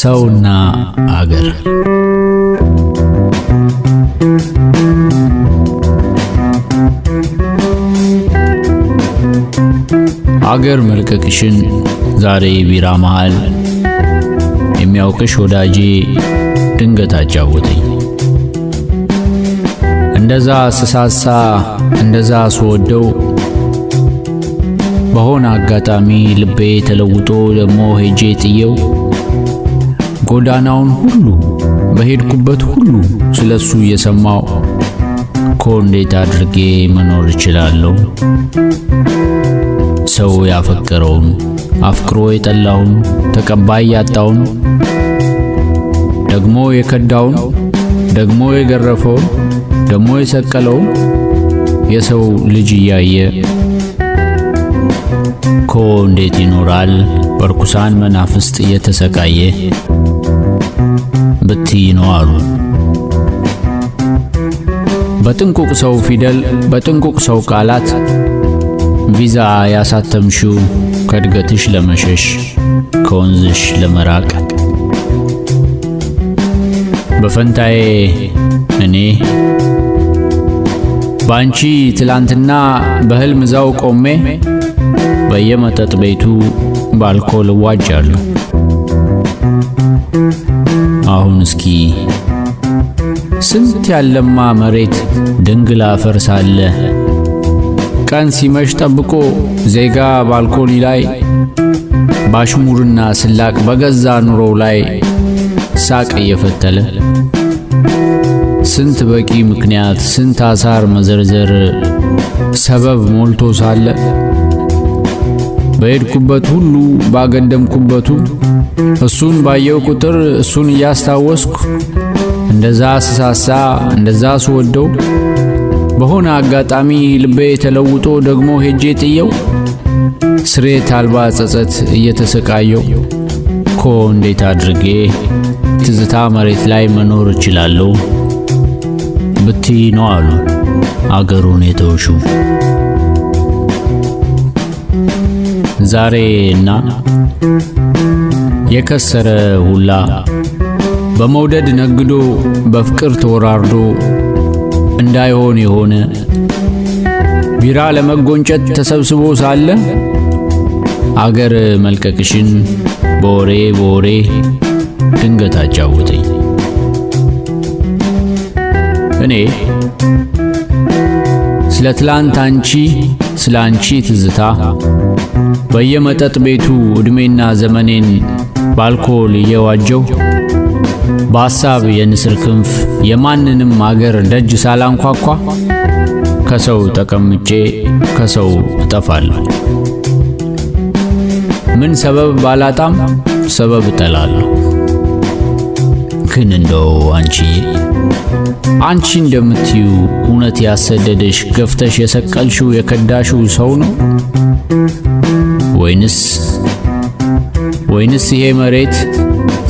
ሰውና አገር አገር መልቀቅሽን ዛሬ ቢራ መሃል የሚያውቅሽ ወዳጄ ድንገት አጫወተኝ። እንደዛ ስሳሳ እንደዛ ስወደው በሆነ አጋጣሚ ልቤ ተለውጦ ደግሞ ሄጄ ጥየው ጎዳናውን ሁሉ በሄድኩበት ሁሉ ስለ እሱ እየሰማው እኮ እንዴት አድርጌ መኖር እችላለሁ? ሰው ያፈቀረውን አፍቅሮ የጠላውን ተቀባይ ያጣውን ደግሞ የከዳውን ደግሞ የገረፈውን ደግሞ የሰቀለውን የሰው ልጅ እያየ እኮ እንዴት ይኖራል በርኩሳን መናፍስት እየተሰቃየ? ብትይ ነው አሉ። በጥንቁቅ ሰው ፊደል በጥንቁቅ ሰው ቃላት ቪዛ ያሳተምሽው ከእድገትሽ ለመሸሽ ከወንዝሽ ለመራቅ በፈንታዬ እኔ ባንቺ ትላንትና በሕልም ዛው ቆሜ በየመጠጥ ቤቱ በአልኮል እዋጃለሁ። እስኪ ስንት ያለማ መሬት ድንግል አፈር ሳለ ቀን ሲመሽ ጠብቆ ዜጋ ባልኮኒ ላይ ባሽሙርና ስላቅ በገዛ ኑሮው ላይ ሳቅ እየፈተለ ስንት በቂ ምክንያት ስንት አሳር መዘርዘር ሰበብ ሞልቶ ሳለ በሄድኩበት ሁሉ ባገደምኩበቱ እሱን ባየው ቁጥር እሱን እያስታወስኩ እንደዛ ስሳሳ እንደዛ ስወደው በሆነ አጋጣሚ ልቤ ተለውጦ ደግሞ ሄጄ ጥየው ስሬት አልባ ጸጸት እየተሰቃየው ኮ እንዴት አድርጌ ትዝታ መሬት ላይ መኖር እችላለሁ ብቲ ነው አሉ አገሩን የተውሹ ዛሬ እና የከሰረ ሁላ በመውደድ ነግዶ በፍቅር ተወራርዶ እንዳይሆን የሆነ ቢራ ለመጎንጨት ተሰብስቦ ሳለ አገር መልቀቅሽን በወሬ በወሬ ድንገት አጫወተኝ። እኔ ስለ ትላንት አንቺ ስለ አንቺ ትዝታ በየመጠጥ ቤቱ ዕድሜና ዘመኔን በአልኮል እየዋጀው በሐሳብ የንስር ክንፍ የማንንም አገር ደጅ ሳላንኳኳ ከሰው ተቀምጬ ከሰው እጠፋል። ምን ሰበብ ባላጣም ሰበብ እጠላለሁ። ግን እንደው አንቺ አንቺ እንደምትዩ እውነት ያሰደደሽ ገፍተሽ የሰቀልሽው የከዳሽው ሰው ነው ወይንስ ወይንስ ይሄ መሬት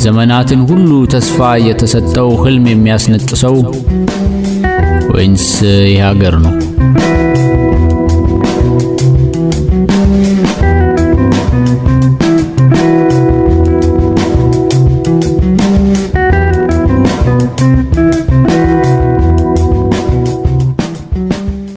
ዘመናትን ሁሉ ተስፋ የተሰጠው ህልም የሚያስነጥሰው ወይንስ ይሄ ሀገር ነው?